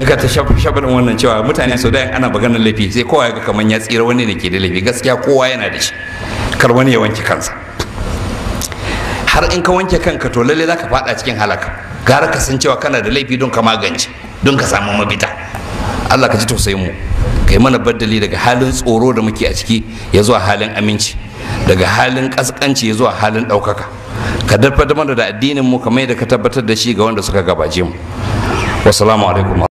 daga ta shafa wannan cewa mutane sau da ana maganar laifi sai kowa ya ga kamar ya tsira wani da ke da laifi gaskiya kowa yana da shi kar wani ya wanke kansa har in ka wanke kanka to lalle za ka fada cikin halaka gara ka san cewa kana da laifi don ka magance don ka samu mabita Allah ka ji tausayin mu kai mana baddali daga halin tsoro da muke a ciki ya zuwa halin aminci daga halin kaskanci ya zuwa halin ɗaukaka ka dafa da mana da addinin mu kamar da ka tabbatar da shi ga wanda suka gabaje mu wassalamu alaikum